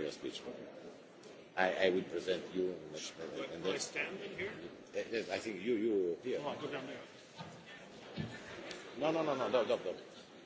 your speech. I, I will present you. What, and then, I stand in here? Eh, yes, I think you, you here. No, I go down there. No, no, no, no, no, no, no.